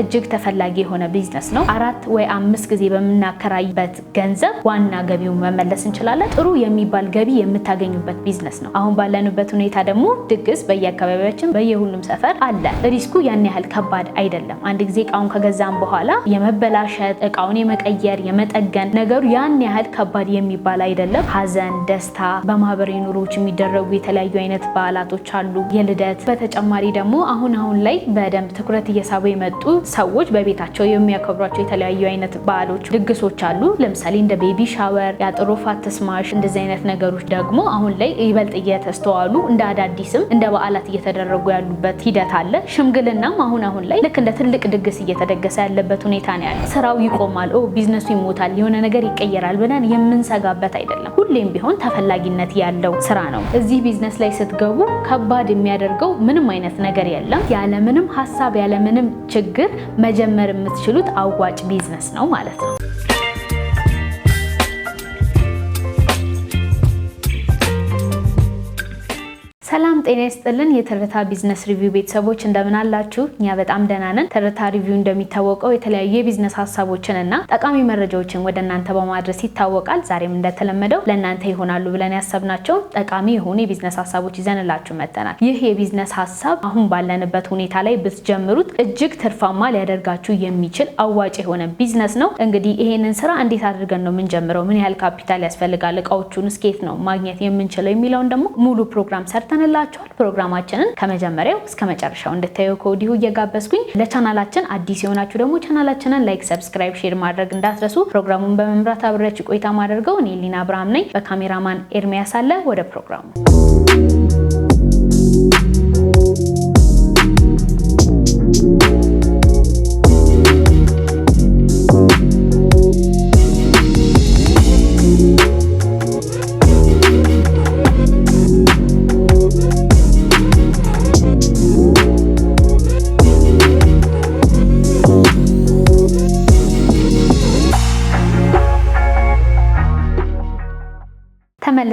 እጅግ ተፈላጊ የሆነ ቢዝነስ ነው። አራት ወይ አምስት ጊዜ በምናከራይበት ገንዘብ ዋና ገቢው መመለስ እንችላለን። ጥሩ የሚባል ገቢ የምታገኙበት ቢዝነስ ነው። አሁን ባለንበት ሁኔታ ደግሞ ድግስ በየአካባቢያችን በየሁሉም ሰፈር አለ። ሪስኩ ያን ያህል ከባድ አይደለም። አንድ ጊዜ እቃውን ከገዛም በኋላ የመበላሸት እቃውን የመቀየር የመጠገን ነገሩ ያን ያህል ከባድ የሚባል አይደለም። ሀዘን፣ ደስታ፣ በማህበራዊ ኑሮዎች የሚደረጉ የተለያዩ አይነት በዓላቶች አሉ፣ የልደት በተጨማሪ ደግሞ አሁን አሁን ላይ በደንብ ትኩረት እየሳቡ የመጡ ሰዎች በቤታቸው የሚያከብሯቸው የተለያዩ አይነት በዓሎች፣ ድግሶች አሉ። ለምሳሌ እንደ ቤቢ ሻወር፣ የአጥሮፋት ተስማሽ እንደዚህ አይነት ነገሮች ደግሞ አሁን ላይ ይበልጥ እየተስተዋሉ እንደ አዳዲስም እንደ በዓላት እየተደረጉ ያሉበት ሂደት አለ። ሽምግልናም አሁን አሁን ላይ ልክ እንደ ትልቅ ድግስ እየተደገሰ ያለበት ሁኔታ ነው ያለ። ስራው ይቆማል፣ ቢዝነሱ ይሞታል፣ የሆነ ነገር ይቀየራል ብለን የምንሰጋበት አይደለም። ሁሌም ቢሆን ተፈላጊነት ያለው ስራ ነው። እዚህ ቢዝነስ ላይ ስትገቡ ከባድ የሚያደርገው ምንም አይነት ነገር የለም። ያለምንም ሀሳብ ያለምንም ችግር መጀመር የምትችሉት አዋጭ ቢዝነስ ነው ማለት ነው። ሰላም ጤና ይስጥልን። የትርታ ቢዝነስ ሪቪው ቤተሰቦች እንደምን አላችሁ? እኛ በጣም ደህና ነን። ትርታ ሪቪው እንደሚታወቀው የተለያዩ የቢዝነስ ሀሳቦችን እና ጠቃሚ መረጃዎችን ወደ እናንተ በማድረስ ይታወቃል። ዛሬም እንደተለመደው ለእናንተ ይሆናሉ ብለን ያሰብናቸው ጠቃሚ የሆኑ የቢዝነስ ሀሳቦች ይዘንላችሁ መጥተናል። ይህ የቢዝነስ ሀሳብ አሁን ባለንበት ሁኔታ ላይ ብትጀምሩት እጅግ ትርፋማ ሊያደርጋችሁ የሚችል አዋጭ የሆነ ቢዝነስ ነው። እንግዲህ ይሄንን ስራ እንዴት አድርገን ነው የምንጀምረው? ምን ያህል ካፒታል ያስፈልጋል? እቃዎቹን እስኬት ነው ማግኘት የምንችለው? የሚለውን ደግሞ ሙሉ ፕሮግራም ሰርተንላችሁ ይሆናችኋል። ፕሮግራማችንን ከመጀመሪያው እስከ መጨረሻው እንድታዩ ከወዲሁ እየጋበዝኩኝ ለቻናላችን አዲስ የሆናችሁ ደግሞ ቻናላችንን ላይክ፣ ሰብስክራይብ፣ ሼር ማድረግ እንዳትረሱ። ፕሮግራሙን በመምራት አብሬያችሁ ቆይታ ማደርገው እኔ ሊና አብርሃም ነኝ። በካሜራማን ኤርሚያስ አለ። ወደ ፕሮግራሙ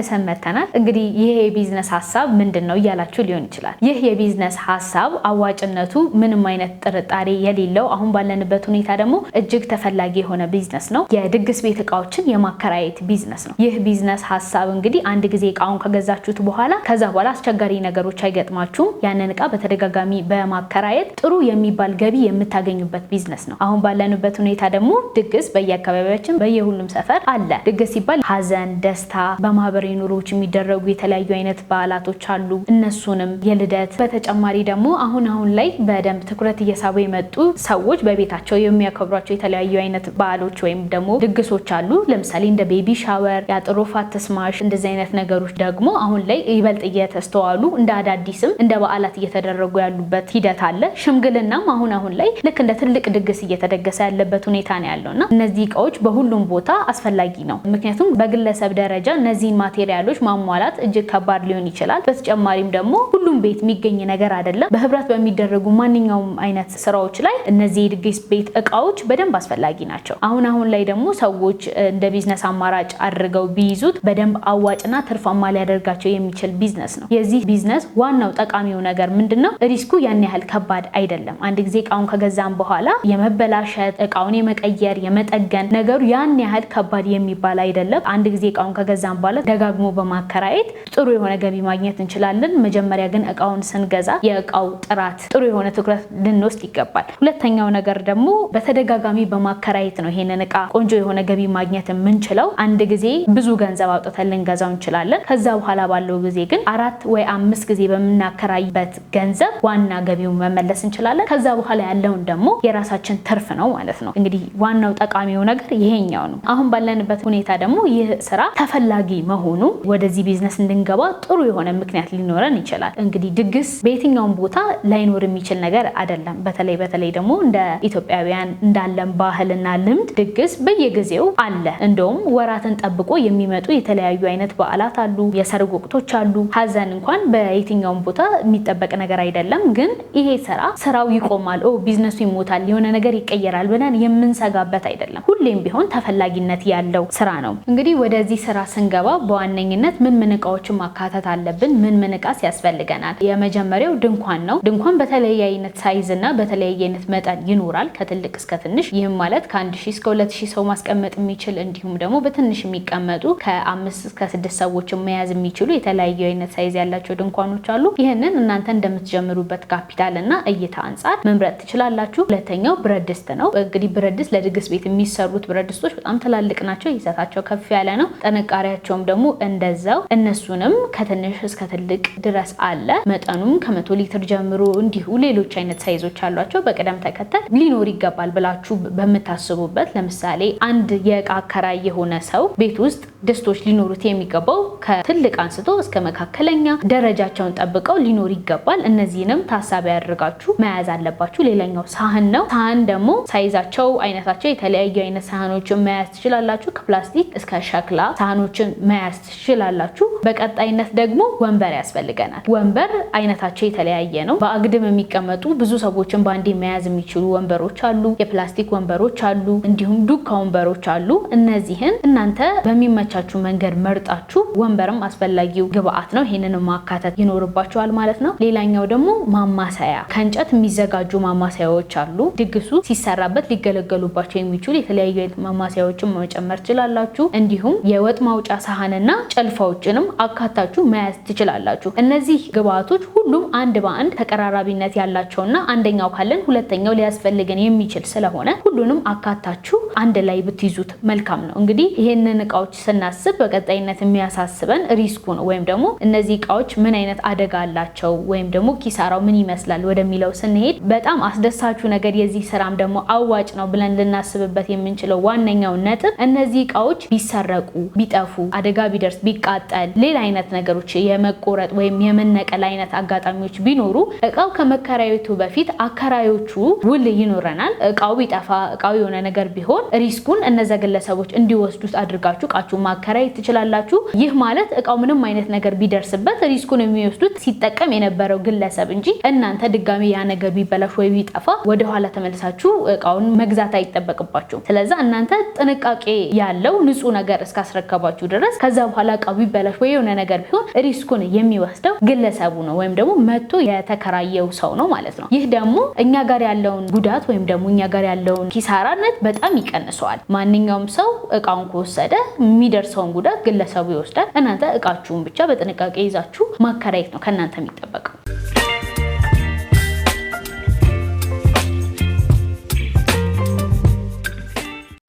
መልሰን መተናል። እንግዲህ ይህ የቢዝነስ ሀሳብ ምንድን ነው እያላችሁ ሊሆን ይችላል። ይህ የቢዝነስ ሀሳብ አዋጭነቱ ምንም አይነት ጥርጣሬ የሌለው አሁን ባለንበት ሁኔታ ደግሞ እጅግ ተፈላጊ የሆነ ቢዝነስ ነው። የድግስ ቤት እቃዎችን የማከራየት ቢዝነስ ነው። ይህ ቢዝነስ ሀሳብ እንግዲህ አንድ ጊዜ እቃውን ከገዛችሁት በኋላ ከዛ በኋላ አስቸጋሪ ነገሮች አይገጥማችሁም። ያንን እቃ በተደጋጋሚ በማከራየት ጥሩ የሚባል ገቢ የምታገኙበት ቢዝነስ ነው። አሁን ባለንበት ሁኔታ ደግሞ ድግስ በየአካባቢያችን በየሁሉም ሰፈር አለ። ድግስ ሲባል ሀዘን፣ ደስታ በማህበሬ ኑሮዎች የሚደረጉ የተለያዩ አይነት በዓላቶች አሉ። እነሱንም የልደት በተጨማሪ ደግሞ አሁን አሁን ላይ በደንብ ትኩረት እየሳቡ የመጡ ሰዎች በቤታቸው የሚያከብሯቸው የተለያዩ አይነት በዓሎች ወይም ደግሞ ድግሶች አሉ። ለምሳሌ እንደ ቤቢ ሻወር፣ የአጥር ተስማሽ፣ እንደዚህ አይነት ነገሮች ደግሞ አሁን ላይ ይበልጥ እየተስተዋሉ እንደ አዳዲስም እንደ በዓላት እየተደረጉ ያሉበት ሂደት አለ። ሽምግልናም አሁን አሁን ላይ ልክ እንደ ትልቅ ድግስ እየተደገሰ ያለበት ሁኔታ ነው ያለውና እነዚህ እቃዎች በሁሉም ቦታ አስፈላጊ ነው። ምክንያቱም በግለሰብ ደረጃ እነዚህን ማ ማቴሪያሎች ማሟላት እጅግ ከባድ ሊሆን ይችላል። በተጨማሪም ደግሞ ሁሉም ቤት የሚገኝ ነገር አይደለም። በህብረት በሚደረጉ ማንኛውም አይነት ስራዎች ላይ እነዚህ የድግስ ቤት እቃዎች በደንብ አስፈላጊ ናቸው። አሁን አሁን ላይ ደግሞ ሰዎች እንደ ቢዝነስ አማራጭ አድርገው ቢይዙት በደንብ አዋጭና ትርፋማ ሊያደርጋቸው የሚችል ቢዝነስ ነው። የዚህ ቢዝነስ ዋናው ጠቃሚው ነገር ምንድን ነው? ሪስኩ ያን ያህል ከባድ አይደለም። አንድ ጊዜ እቃውን ከገዛም በኋላ የመበላሸት እቃውን የመቀየር የመጠገን ነገሩ ያን ያህል ከባድ የሚባል አይደለም። አንድ ጊዜ እቃውን ከገዛም በኋላ ደጋ ደጋግሞ በማከራየት ጥሩ የሆነ ገቢ ማግኘት እንችላለን። መጀመሪያ ግን እቃውን ስንገዛ የእቃው ጥራት ጥሩ የሆነ ትኩረት ልንወስድ ይገባል። ሁለተኛው ነገር ደግሞ በተደጋጋሚ በማከራየት ነው ይሄንን እቃ ቆንጆ የሆነ ገቢ ማግኘት የምንችለው። አንድ ጊዜ ብዙ ገንዘብ አውጥተን ልንገዛው እንችላለን። ከዛ በኋላ ባለው ጊዜ ግን አራት ወይ አምስት ጊዜ በምናከራይበት ገንዘብ ዋና ገቢውን መመለስ እንችላለን። ከዛ በኋላ ያለውን ደግሞ የራሳችን ትርፍ ነው ማለት ነው። እንግዲህ ዋናው ጠቃሚው ነገር ይሄኛው ነው። አሁን ባለንበት ሁኔታ ደግሞ ይህ ስራ ተፈላጊ መሆኑ ስለሆኑ ወደዚህ ቢዝነስ እንድንገባ ጥሩ የሆነ ምክንያት ሊኖረን ይችላል። እንግዲህ ድግስ በየትኛውም ቦታ ላይኖር የሚችል ነገር አይደለም። በተለይ በተለይ ደግሞ እንደ ኢትዮጵያውያን እንዳለን ባህልና ልምድ ድግስ በየጊዜው አለ። እንደውም ወራትን ጠብቆ የሚመጡ የተለያዩ አይነት በዓላት አሉ፣ የሰርግ ወቅቶች አሉ። ሀዘን እንኳን በየትኛውም ቦታ የሚጠበቅ ነገር አይደለም። ግን ይሄ ስራ ስራው ይቆማል፣ ቢዝነሱ ይሞታል፣ የሆነ ነገር ይቀየራል ብለን የምንሰጋበት አይደለም። ሁሌም ቢሆን ተፈላጊነት ያለው ስራ ነው። እንግዲህ ወደዚህ ስራ ስንገባ በዋ በዋነኝነት ምን ምን እቃዎችን ማካተት አለብን? ምን ምን እቃስ ያስፈልገናል? የመጀመሪያው ድንኳን ነው። ድንኳን በተለያየ አይነት ሳይዝ እና በተለያየ አይነት መጠን ይኖራል ከትልቅ እስከ ትንሽ። ይህም ማለት ከአንድ ሺህ እስከ ሁለት ሺህ ሰው ማስቀመጥ የሚችል እንዲሁም ደግሞ በትንሽ የሚቀመጡ ከአምስት እስከ ስድስት ሰዎችን መያዝ የሚችሉ የተለያዩ አይነት ሳይዝ ያላቸው ድንኳኖች አሉ። ይህንን እናንተ እንደምትጀምሩበት ካፒታል እና እይታ አንጻር መምረጥ ትችላላችሁ። ሁለተኛው ብረት ድስት ነው። እንግዲህ ብረት ድስት ለድግስ ቤት የሚሰሩት ብረት ድስቶች በጣም ትላልቅ ናቸው። ይዘታቸው ከፍ ያለ ነው። ጥንካሬያቸውም ደግሞ እንደዛው እነሱንም ከትንሽ እስከ ትልቅ ድረስ አለ። መጠኑም ከመቶ ሊትር ጀምሮ እንዲሁ ሌሎች አይነት ሳይዞች አሏቸው። በቅደም ተከተል ሊኖር ይገባል ብላችሁ በምታስቡበት ለምሳሌ አንድ የእቃ አከራይ የሆነ ሰው ቤት ውስጥ ድስቶች ሊኖሩት የሚገባው ከትልቅ አንስቶ እስከ መካከለኛ ደረጃቸውን ጠብቀው ሊኖር ይገባል። እነዚህንም ታሳቢ ያደርጋችሁ መያዝ አለባችሁ። ሌላኛው ሳህን ነው። ሳህን ደግሞ ሳይዛቸው፣ አይነታቸው የተለያዩ አይነት ሳህኖችን መያዝ ትችላላችሁ። ከፕላስቲክ እስከ ሸክላ ሳህኖችን መያዝ ትችላላችሁ። በቀጣይነት ደግሞ ወንበር ያስፈልገናል። ወንበር አይነታቸው የተለያየ ነው። በአግድም የሚቀመጡ ብዙ ሰዎችን በአንዴ መያዝ የሚችሉ ወንበሮች አሉ። የፕላስቲክ ወንበሮች አሉ። እንዲሁም ዱካ ወንበሮች አሉ። እነዚህን እናንተ በሚመቻችሁ መንገድ መርጣችሁ ወንበርም አስፈላጊው ግብአት ነው። ይህንን ማካተት ይኖርባችኋል ማለት ነው። ሌላኛው ደግሞ ማማሰያ፣ ከእንጨት የሚዘጋጁ ማማሰያዎች አሉ። ድግሱ ሲሰራበት ሊገለገሉባቸው የሚችሉ የተለያዩ ማማሰያዎችን መጨመር ችላላችሁ እንዲሁም የወጥ ማውጫ ሳህንና ጨልፋዎችንም አካታችሁ መያዝ ትችላላችሁ። እነዚህ ግብአቶች ሁሉም አንድ በአንድ ተቀራራቢነት ያላቸውና አንደኛው ካለን ሁለተኛው ሊያስፈልገን የሚችል ስለሆነ ሁሉንም አካታችሁ አንድ ላይ ብትይዙት መልካም ነው። እንግዲህ ይህንን እቃዎች ስናስብ በቀጣይነት የሚያሳስበን ሪስኩ ነው፣ ወይም ደግሞ እነዚህ እቃዎች ምን አይነት አደጋ አላቸው ወይም ደግሞ ኪሳራው ምን ይመስላል ወደሚለው ስንሄድ በጣም አስደሳቹ ነገር የዚህ ስራም ደግሞ አዋጭ ነው ብለን ልናስብበት የምንችለው ዋነኛው ነጥብ እነዚህ እቃዎች ቢሰረቁ ቢጠፉ አደጋ ቢደ ቢደርስ ቢቃጠል፣ ሌላ አይነት ነገሮች የመቆረጥ ወይም የመነቀል አይነት አጋጣሚዎች ቢኖሩ እቃው ከመከራየቱ በፊት አከራዮቹ ውል ይኖረናል። እቃው ቢጠፋ እቃው የሆነ ነገር ቢሆን ሪስኩን እነዛ ግለሰቦች እንዲወስዱት አድርጋችሁ እቃችሁ ማከራየት ትችላላችሁ። ይህ ማለት እቃው ምንም አይነት ነገር ቢደርስበት ሪስኩን የሚወስዱት ሲጠቀም የነበረው ግለሰብ እንጂ እናንተ ድጋሚ ያ ነገር ቢበላሽ ወይ ቢጠፋ ወደኋላ ተመልሳችሁ እቃውን መግዛት አይጠበቅባችሁም። ስለዚ እናንተ ጥንቃቄ ያለው ንጹህ ነገር እስካስረከባችሁ ድረስ ከዛ በኋላ እቃው ቢበላሽ ወይ የሆነ ነገር ቢሆን ሪስኩን የሚወስደው ግለሰቡ ነው ወይም ደግሞ መጥቶ የተከራየው ሰው ነው ማለት ነው። ይህ ደግሞ እኛ ጋር ያለውን ጉዳት ወይም ደግሞ እኛ ጋር ያለውን ኪሳራነት በጣም ይቀንሰዋል። ማንኛውም ሰው እቃውን ከወሰደ የሚደርሰውን ጉዳት ግለሰቡ ይወስዳል። እናንተ እቃችሁን ብቻ በጥንቃቄ ይዛችሁ ማከራየት ነው ከእናንተ የሚጠበቀው።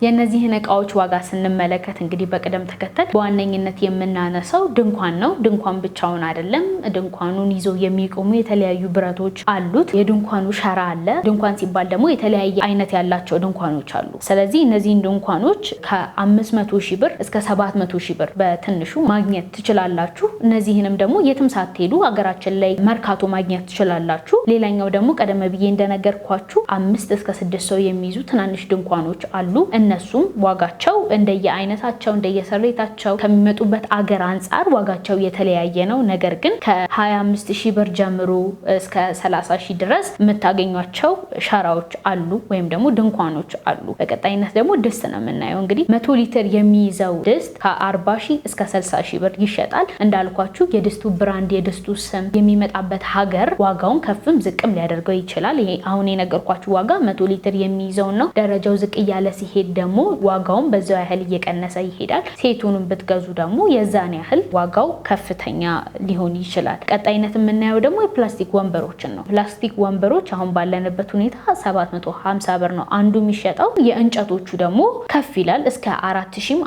የእነዚህን እቃዎች ዋጋ ስንመለከት እንግዲህ በቅደም ተከተል በዋነኝነት የምናነሳው ድንኳን ነው። ድንኳን ብቻውን አይደለም። ድንኳኑን ይዘው የሚቆሙ የተለያዩ ብረቶች አሉት። የድንኳኑ ሸራ አለ። ድንኳን ሲባል ደግሞ የተለያየ አይነት ያላቸው ድንኳኖች አሉ። ስለዚህ እነዚህን ድንኳኖች ከ500 ሺ ብር እስከ 700 ሺ ብር በትንሹ ማግኘት ትችላላችሁ። እነዚህንም ደግሞ የትም ሳትሄዱ ሀገራችን ላይ መርካቶ ማግኘት ትችላላችሁ። ሌላኛው ደግሞ ቀደም ብዬ እንደነገርኳችሁ አምስት እስከ ስድስት ሰው የሚይዙ ትናንሽ ድንኳኖች አሉ። እነሱም ዋጋቸው እንደየአይነታቸው እንደየሰሬታቸው ከሚመጡበት አገር አንጻር ዋጋቸው የተለያየ ነው። ነገር ግን ከ25 ሺህ ብር ጀምሮ እስከ 30 ሺህ ድረስ የምታገኟቸው ሸራዎች አሉ ወይም ደግሞ ድንኳኖች አሉ። በቀጣይነት ደግሞ ድስት ነው የምናየው። እንግዲህ መቶ ሊትር የሚይዘው ድስት ከ40 ሺህ እስከ 60 ሺህ ብር ይሸጣል። እንዳልኳችሁ የድስቱ ብራንድ፣ የድስቱ ስም፣ የሚመጣበት ሀገር ዋጋውን ከፍም ዝቅም ሊያደርገው ይችላል። ይሄ አሁን የነገርኳችሁ ዋጋ መቶ ሊትር የሚይዘውን ነው። ደረጃው ዝቅ እያለ ሲሄድ ደግሞ ዋጋውን በዛው ያህል እየቀነሰ ይሄዳል። ሴቱንም ብትገዙ ደግሞ የዛን ያህል ዋጋው ከፍተኛ ሊሆን ይችላል። ቀጣይነት የምናየው ደግሞ የፕላስቲክ ወንበሮችን ነው። ፕላስቲክ ወንበሮች አሁን ባለንበት ሁኔታ 750 ብር ነው አንዱ የሚሸጠው። የእንጨቶቹ ደግሞ ከፍ ይላል። እስከ አራት ሺም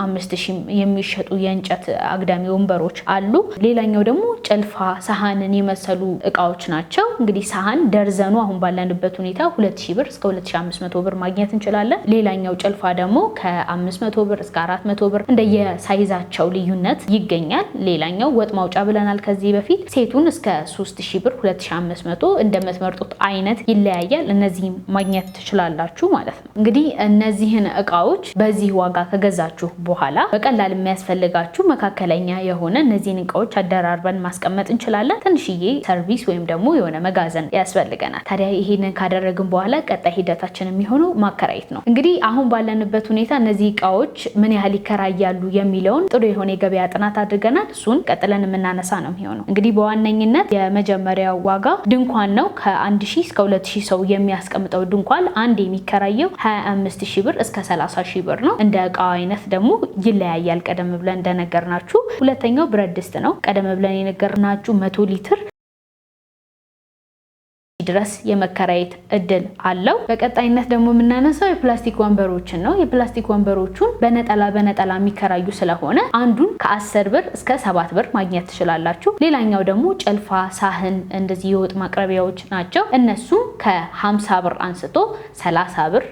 የሚሸጡ የእንጨት አግዳሚ ወንበሮች አሉ። ሌላኛው ደግሞ ጭልፋ፣ ሰሃንን የመሰሉ እቃዎች ናቸው። እንግዲህ ሰሃን ደርዘኑ አሁን ባለንበት ሁኔታ 2000 ብር እስከ 2500 ብር ማግኘት እንችላለን። ሌላኛው ጭልፋ ደግሞ ከ500 ብር እስከ 400 ብር እንደየሳይዛቸው ልዩነት ይገኛል። ሌላኛው ወጥ ማውጫ ብለናል ከዚህ በፊት ሴቱን እስከ 3000 ብር 2500 እንደምትመርጡት አይነት ይለያያል። እነዚህ ማግኘት ትችላላችሁ ማለት ነው። እንግዲህ እነዚህን እቃዎች በዚህ ዋጋ ከገዛችሁ በኋላ በቀላል የሚያስፈልጋችሁ መካከለኛ የሆነ እነዚህን እቃዎች አደራርበን ማስቀመጥ እንችላለን። ትንሽዬ ሰርቪስ ወይም ደግሞ የሆነ መጋዘን ያስፈልገናል። ታዲያ ይሄንን ካደረግን በኋላ ቀጣይ ሂደታችን የሚሆነው ማከራየት ነው። እንግዲህ አሁን ባለን ባለንበት ሁኔታ እነዚህ እቃዎች ምን ያህል ይከራያሉ የሚለውን ጥሩ የሆነ የገበያ ጥናት አድርገናል። እሱን ቀጥለን የምናነሳ ነው የሚሆነው። እንግዲህ በዋነኝነት የመጀመሪያው ዋጋ ድንኳን ነው። ከ ሺህ እስከ ሁለት ሰው የሚያስቀምጠው ድንኳን አንድ የሚከራየው 25 ብር እስከ 30 ብር ነው። እንደ እቃ አይነት ደግሞ ይለያያል። ቀደም ብለን እንደነገርናችሁ። ሁለተኛው ብረት ድስት ነው። ቀደም ብለን የነገርናችሁ መቶ ሊትር ድረስ የመከራየት እድል አለው። በቀጣይነት ደግሞ የምናነሳው የፕላስቲክ ወንበሮችን ነው። የፕላስቲክ ወንበሮቹን በነጠላ በነጠላ የሚከራዩ ስለሆነ አንዱን ከአስር ብር እስከ ሰባት ብር ማግኘት ትችላላችሁ። ሌላኛው ደግሞ ጭልፋ፣ ሳህን እንደዚህ የወጥ ማቅረቢያዎች ናቸው። እነሱ ከሀምሳ ብር አንስቶ ሰላሳ ብር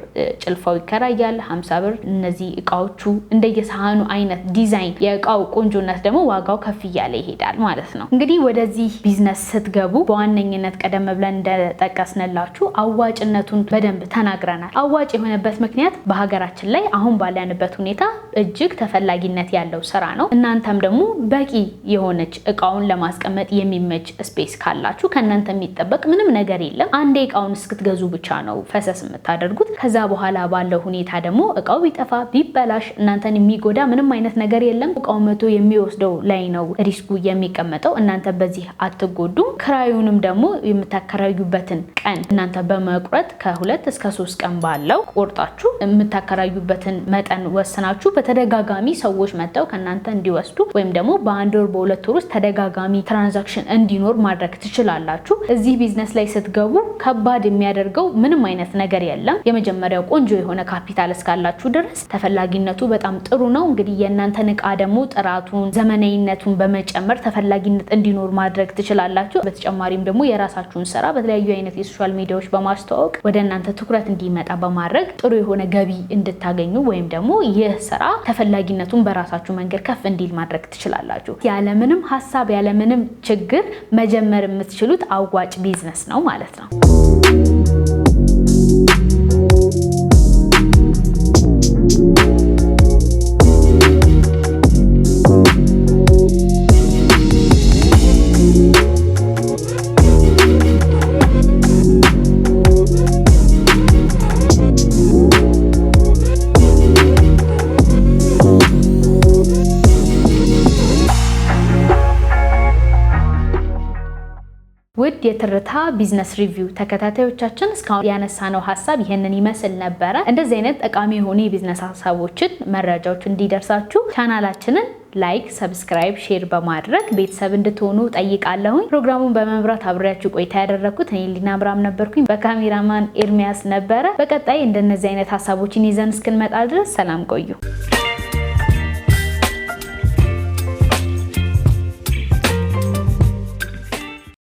ጭልፋው ይከራያል። ሀምሳ ብር እነዚህ እቃዎቹ እንደየሳህኑ አይነት ዲዛይን፣ የእቃው ቆንጆነት ደግሞ ዋጋው ከፍ እያለ ይሄዳል ማለት ነው። እንግዲህ ወደዚህ ቢዝነስ ስትገቡ በዋነኝነት ቀደም ብለን እንደ እንደጠቀስንላችሁ አዋጭነቱን በደንብ ተናግረናል። አዋጭ የሆነበት ምክንያት በሀገራችን ላይ አሁን ባለንበት ሁኔታ እጅግ ተፈላጊነት ያለው ስራ ነው። እናንተም ደግሞ በቂ የሆነች እቃውን ለማስቀመጥ የሚመች ስፔስ ካላችሁ ከእናንተ የሚጠበቅ ምንም ነገር የለም። አንዴ እቃውን እስክትገዙ ብቻ ነው ፈሰስ የምታደርጉት። ከዛ በኋላ ባለው ሁኔታ ደግሞ እቃው ቢጠፋ ቢበላሽ እናንተን የሚጎዳ ምንም አይነት ነገር የለም። እቃው መቶ የሚወስደው ላይ ነው ሪስኩ የሚቀመጠው። እናንተ በዚህ አትጎዱም። ክራዩንም ደግሞ የምታከራዩ የምትኖሩበትን ቀን እናንተ በመቁረጥ ከሁለት እስከ ሶስት ቀን ባለው ቆርጣችሁ የምታከራዩበትን መጠን ወስናችሁ በተደጋጋሚ ሰዎች መጥተው ከእናንተ እንዲወስዱ ወይም ደግሞ በአንድ ወር በሁለት ወር ውስጥ ተደጋጋሚ ትራንዛክሽን እንዲኖር ማድረግ ትችላላችሁ። እዚህ ቢዝነስ ላይ ስትገቡ ከባድ የሚያደርገው ምንም አይነት ነገር የለም። የመጀመሪያው ቆንጆ የሆነ ካፒታል እስካላችሁ ድረስ ተፈላጊነቱ በጣም ጥሩ ነው። እንግዲህ የእናንተን እቃ ደግሞ ጥራቱን፣ ዘመናዊነቱን በመጨመር ተፈላጊነት እንዲኖር ማድረግ ትችላላችሁ። በተጨማሪም ደግሞ የራሳችሁን ስራ በተለያዩ የተለያዩ አይነት የሶሻል ሚዲያዎች በማስተዋወቅ ወደ እናንተ ትኩረት እንዲመጣ በማድረግ ጥሩ የሆነ ገቢ እንድታገኙ ወይም ደግሞ ይህ ስራ ተፈላጊነቱን በራሳችሁ መንገድ ከፍ እንዲል ማድረግ ትችላላችሁ። ያለምንም ሀሳብ ያለምንም ችግር መጀመር የምትችሉት አዋጭ ቢዝነስ ነው ማለት ነው። ቢዝነስ ሪቪው ተከታታዮቻችን እስካሁን ያነሳነው ሀሳብ ይህንን ይመስል ነበረ። እንደዚህ አይነት ጠቃሚ የሆኑ የቢዝነስ ሀሳቦችን መረጃዎች እንዲደርሳችሁ ቻናላችንን ላይክ፣ ሰብስክራይብ፣ ሼር በማድረግ ቤተሰብ እንድትሆኑ ጠይቃለሁኝ። ፕሮግራሙን በመምራት አብሬያችሁ ቆይታ ያደረግኩት እኔ ሊና አብራም ነበርኩኝ። በካሜራማን ኤርሚያስ ነበረ። በቀጣይ እንደነዚህ አይነት ሀሳቦችን ይዘን እስክንመጣ ድረስ ሰላም ቆዩ።